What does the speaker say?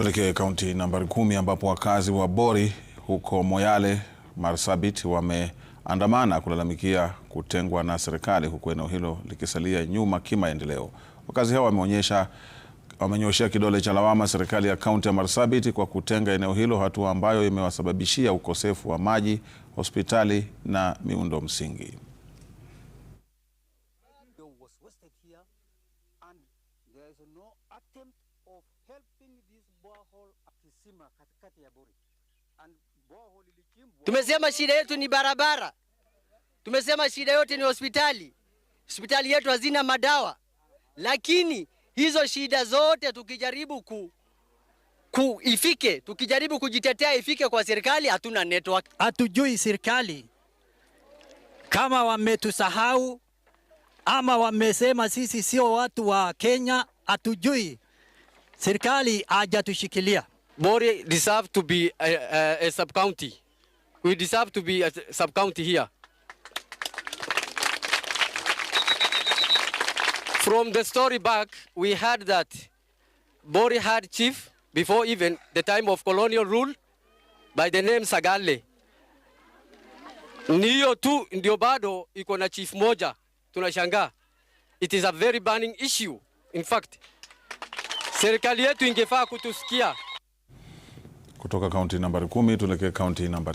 Tuelekee kaunti nambari kumi ambapo wakazi wa Bori huko Moyale Marsabit wameandamana kulalamikia kutengwa na serikali huku eneo hilo likisalia nyuma kimaendeleo. Wakazi hao wameonyesha wamenyoshea kidole cha lawama serikali ya kaunti ya Marsabit kwa kutenga eneo hilo, hatua ambayo imewasababishia ukosefu wa maji, hospitali na miundo msingi. Tumesema shida yetu ni barabara, tumesema shida yote ni hospitali. Hospitali yetu hazina madawa, lakini hizo shida zote tukijaribu ku ku ifike, tukijaribu kujitetea ifike kwa serikali, hatuna network, hatujui serikali kama wametusahau ama wamesema sisi sio watu wa Kenya, hatujui serikali hajatushikilia. Bore deserve to be eh, eh, a, a, a sub county. We deserve to be a sub county here. From the story back, we heard that bori had chief before even the time of colonial rule by the name Sagale. Niyo tu ndio bado iko na chief moja, tunashangaa. It is a very burning issue in fact serikali yetu ingefaa kutusikia. Kutoka kaunti nambari kumi tuelekee kaunti nambari